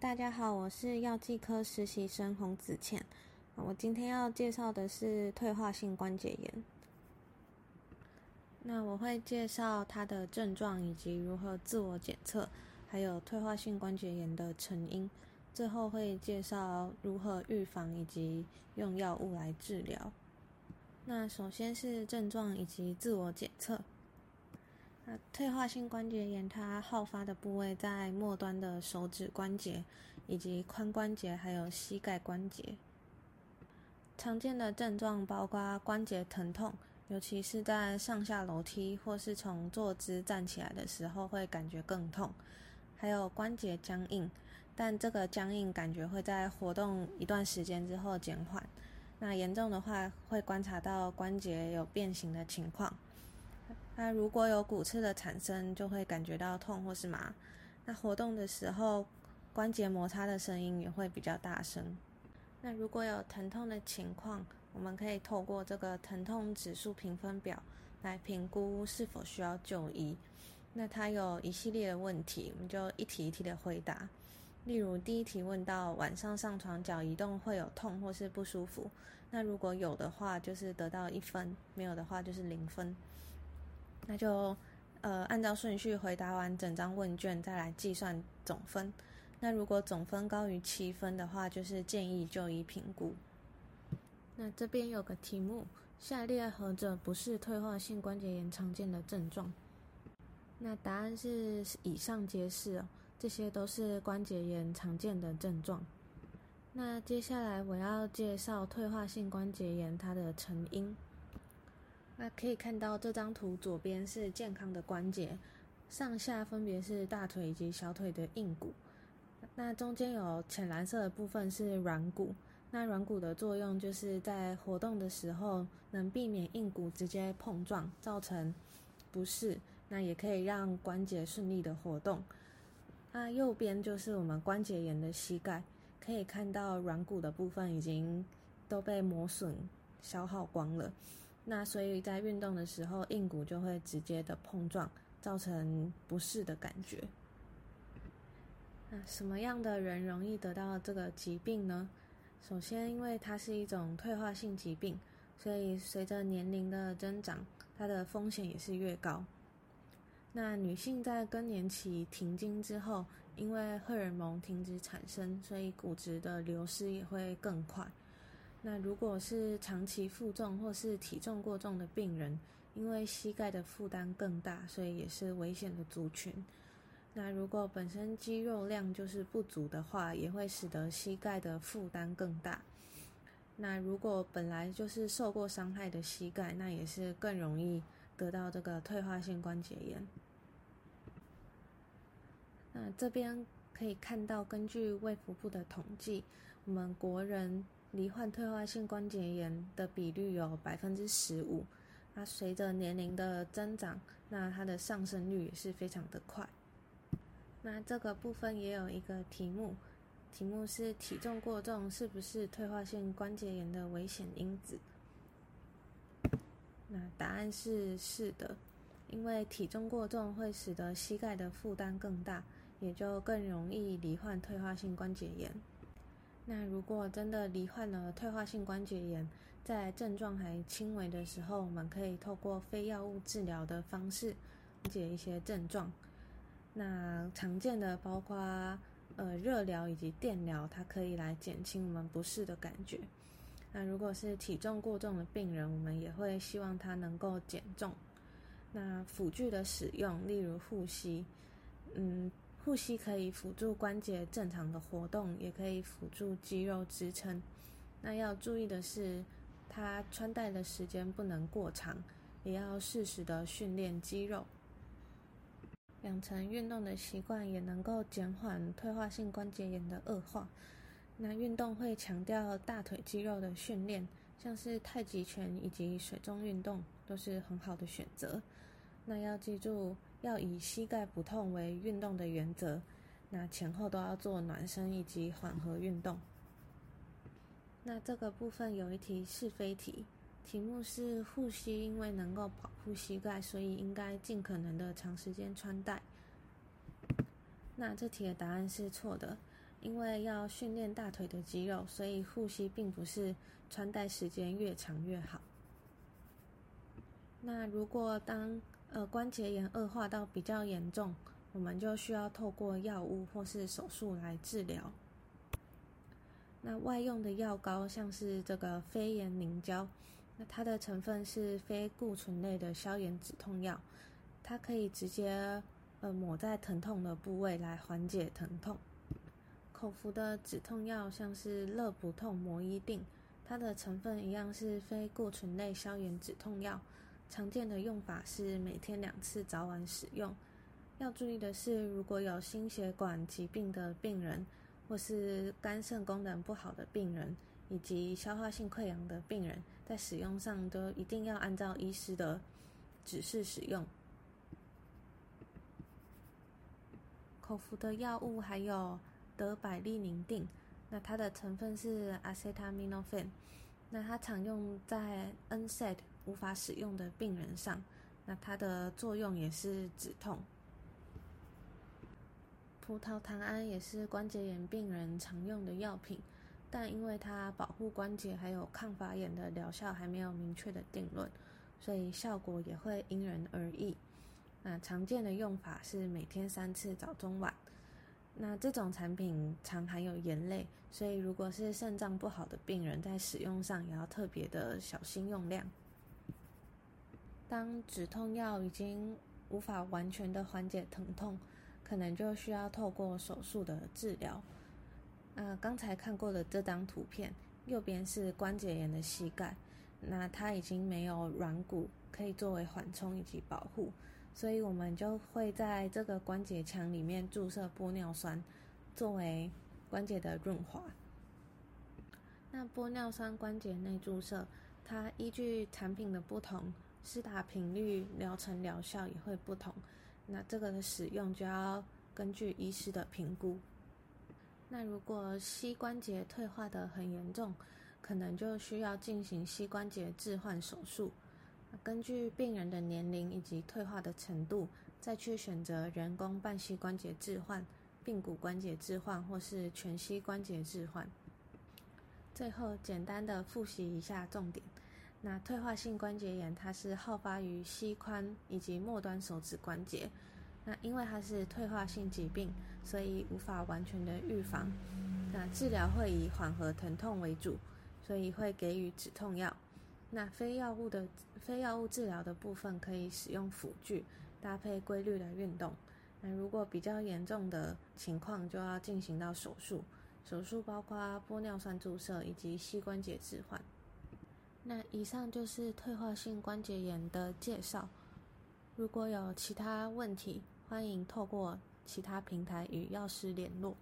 大家好，我是藥劑科實習生洪子倩。我今天要介紹的是退化性關節炎。那我會介紹它的症狀以及如何自我檢測，還有退化性關節炎的成因。最後會介紹如何預防以及用藥物來治療。那首先是症狀以及自我檢測。退化性關節炎它好發的部位在末端的手指關節，以及髖關節，還有膝蓋關節。常見的症狀包括關節疼痛，尤其是在上下樓梯或是從坐姿站起來的時候會感覺更痛，還有關節僵硬。但這個僵硬感覺會在活動一段時間之後減緩。那嚴重的話，會觀察到關節有變形的情況。那如果有骨刺的產生，就會感覺到痛或是麻。那活動的時候，關節摩擦的聲音也會比較大聲。那如果有疼痛的情況，我們可以透過這個疼痛指數評分表來評估是否需要就醫。那它有一系列的問題，我們就一題一題的回答。例如第一題問到晚上上床腳移動會有痛或是不舒服，那如果有的話就是得到一分，沒有的話就是零分。那就，呃，按照順序回答完整張問卷，再來計算總分。那如果總分高於七分的話，就是建議就醫評估。那這邊有個題目：下列何者不是退化性關節炎常見的症狀？那答案是以上皆是哦，這些都是關節炎常見的症狀。那接下來我要介紹退化性關節炎它的成因。那可以看到這張圖，左邊是健康的關節，上下分別是大腿以及小腿的硬骨。那中間有淺藍色的部分是軟骨。那軟骨的作用就是在活動的時候能避免硬骨直接碰撞造成不適，那也可以讓關節順利的活動。那右邊就是我們關節炎的膝蓋，可以看到軟骨的部分已經都被磨損消耗光了。那所以在運動的時候，硬骨就會直接的碰撞，造成不適的感覺。那什麼樣的人容易得到這個疾病呢？首先，因為它是一種退化性疾病，所以隨着年齡的增長，它的風險也是越高。那女性在更年期停經之後，因為荷爾蒙停止產生，所以骨質的流失也會更快。那如果是長期負重或是體重過重的病人，因為膝蓋的負擔更大，所以也是危險的族群。那如果本身肌肉量就是不足的話，也會使得膝蓋的負擔更大。那如果本來就是受過傷害的膝蓋，那也是更容易得到這個退化性關節炎。那這邊可以看到，根據衛福部的統計，我們國人罹患退化性關節炎的比率有百分之十五。那隨着年齡的增長，那它的上升率也是非常的快。那這個部分也有一個題目，題目是體重過重是不是退化性關節炎的危險因子？那答案是是的，因為體重過重會使得膝蓋的負擔更大，也就更容易罹患退化性關節炎。那如果真的罹患了退化性關節炎，在症狀還輕微的時候，我們可以透過非藥物治療的方式緩解一些症狀。那常見的包括呃熱療以及電療，它可以來減輕我們不適的感覺。那如果是體重過重的病人，我們也會希望他能夠減重。那輔具的使用，例如護膝，嗯。護膝可以輔助關節正常的活動，也可以輔助肌肉支撐。那要注意的是，它穿戴的時間不能過長，也要適時的訓練肌肉，養成運動的習慣，也能夠減緩退化性關節炎的惡化。那運動會強調大腿肌肉的訓練，像是太極拳以及水中運動都是很好的選擇。那要記住，要以膝蓋不痛為運動的原則。那前後都要做暖身以及緩和運動。那這個部分有一題是非題，題目是護膝因為能夠保護膝蓋，所以應該盡可能的長時間穿戴。那這題的答案是錯的，因為要訓練大腿的肌肉，所以護膝並不是穿戴時間越長越好。那如果當呃，關節炎惡化到比較嚴重，我們就需要透過藥物或是手術來治療。那外用的藥膏，像是這個非炎凝膠，那它的成分是非固醇類的消炎止痛藥，它可以直接呃抹在疼痛的部位來緩解疼痛。口服的止痛藥，像是樂普痛、摩伊定，它的成分一樣是非固醇類消炎止痛藥。常見的用法是每天兩次，早晚使用。要注意的是，如果有心血管疾病的病人，或是肝腎功能不好的病人，以及消化性潰瘍的病人，在使用上都一定要按照醫師的指示使用。口服的藥物還有得百利寧錠，那它的成分是 acetaminophen，那它常用在 NSAID。無法使用的病人上，那它的作用也是止痛。葡萄糖胺也是關節炎病人常用的藥品，但因為它保護關節還有抗發炎的療效還沒有明確的定論，所以效果也會因人而異。那常見的用法是每天三次，早中晚。那這種產品常含有鹽類，所以如果是腎臟不好的病人，在使用上也要特別的小心用量。當止痛藥已經無法完全的緩解疼痛，可能就需要透過手術的治療。呃，剛才看過的這張圖片，右邊是關節炎的膝蓋，那它已經沒有軟骨可以作為緩衝以及保護，所以我們就會在這個關節腔裡面注射玻尿酸，作為關節的潤滑。那玻尿酸關節內注射，它依據產品的不同。施打頻率、療程、療效也會不同，那這個的使用就要根據醫師的評估。那如果膝關節退化的很嚴重，可能就需要進行膝關節置換手術。根據病人的年齡以及退化的程度，再去選擇人工半膝關節置換、髕骨關節置換或是全膝關節置換。最後，簡單的複習一下重點。那退化性關節炎，它是好發於膝髖以及末端手指關節。那因為它是退化性疾病，所以無法完全的預防。那治療會以緩和疼痛為主，所以會給予止痛藥。那非藥物的非藥物治療的部分，可以使用輔具搭配規律的運動。那如果比較嚴重的情況，就要進行到手術。手術包括玻尿酸注射以及膝關節置換。那以上就是退化性關節炎的介紹。如果有其他問題，歡迎透過其他平台與藥師聯絡。